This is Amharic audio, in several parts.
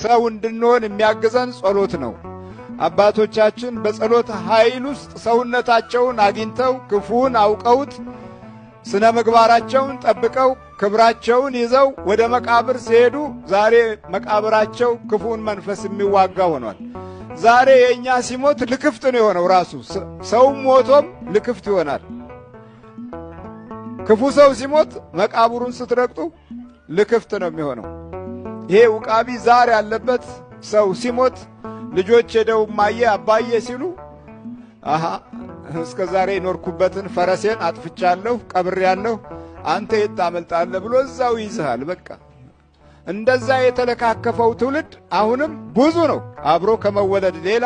ሰው እንድንሆን የሚያግዘን ጸሎት ነው። አባቶቻችን በጸሎት ኃይል ውስጥ ሰውነታቸውን አግኝተው ክፉን አውቀውት ስነ ምግባራቸውን ጠብቀው ክብራቸውን ይዘው ወደ መቃብር ሲሄዱ ዛሬ መቃብራቸው ክፉን መንፈስ የሚዋጋ ሆኗል። ዛሬ የእኛ ሲሞት ልክፍት ነው የሆነው። ራሱ ሰውም ሞቶም ልክፍት ይሆናል። ክፉ ሰው ሲሞት መቃብሩን ስትረግጡ ልክፍት ነው የሚሆነው። ይሄ ውቃቢ ዛር ያለበት ሰው ሲሞት ልጆች ሄደው ማየ አባየ ሲሉ አሀ እስከ ዛሬ የኖርኩበትን ፈረሴን አጥፍቻለሁ፣ ቀብሬያለሁ፣ አንተ የት ታመልጣለህ ብሎ እዛው ይዝሃል። በቃ እንደዛ የተለካከፈው ትውልድ አሁንም ብዙ ነው። አብሮ ከመወለድ ሌላ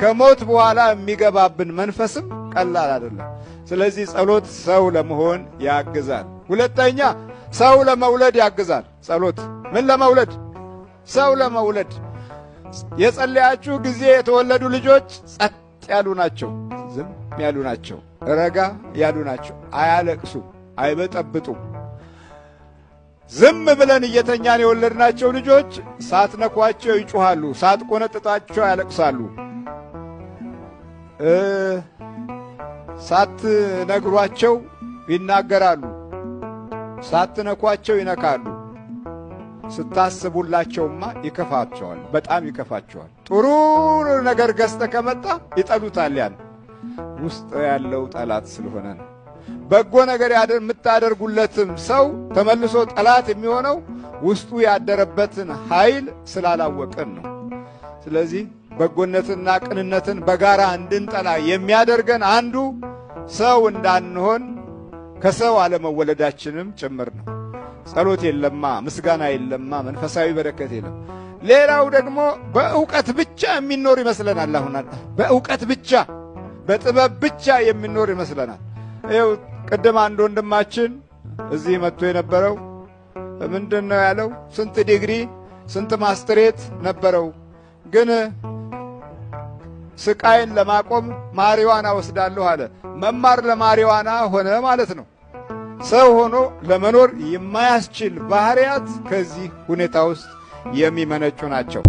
ከሞት በኋላ የሚገባብን መንፈስም ቀላል አይደለም። ስለዚህ ጸሎት ሰው ለመሆን ያግዛል። ሁለተኛ ሰው ለመውለድ ያግዛል። ጸሎት ምን ለመውለድ ሰው ለመውለድ የጸለያችሁ ጊዜ የተወለዱ ልጆች ጸጥ ያሉ ናቸው፣ ዝም ያሉ ናቸው፣ ረጋ ያሉ ናቸው። አያለቅሱም፣ አይበጠብጡም። ዝም ብለን እየተኛን የወለድናቸው ልጆች ሳትነኳቸው ይጮኻሉ፣ ሳትቆነጥጣቸው ያለቅሳሉ። ሳትነግሯቸው ይናገራሉ፣ ሳትነኳቸው ይነካሉ። ስታስቡላቸውማ ይከፋቸዋል፣ በጣም ይከፋቸዋል። ጥሩ ነገር ገዝተ ከመጣ ይጠሉታል። ያን ውስጥ ያለው ጠላት ስለሆነ ነው። በጎ ነገር የምታደርጉለትም ሰው ተመልሶ ጠላት የሚሆነው ውስጡ ያደረበትን ኃይል ስላላወቅን ነው። ስለዚህ በጎነትና ቅንነትን በጋራ እንድንጠላ የሚያደርገን አንዱ ሰው እንዳንሆን ከሰው አለመወለዳችንም ጭምር ነው። ጸሎት የለማ፣ ምስጋና የለማ፣ መንፈሳዊ በረከት የለም። ሌላው ደግሞ በእውቀት ብቻ የሚኖር ይመስለናል። አሁን በእውቀት ብቻ በጥበብ ብቻ የሚኖር ይመስለናል። ይኸው ቅድም አንድ ወንድማችን እዚህ መጥቶ የነበረው ምንድን ነው ያለው? ስንት ዲግሪ ስንት ማስትሬት ነበረው፣ ግን ስቃይን ለማቆም ማሪዋና ወስዳለሁ አለ። መማር ለማሪዋና ሆነ ማለት ነው። ሰው ሆኖ ለመኖር የማያስችል ባህሪያት ከዚህ ሁኔታ ውስጥ የሚመነጩ ናቸው።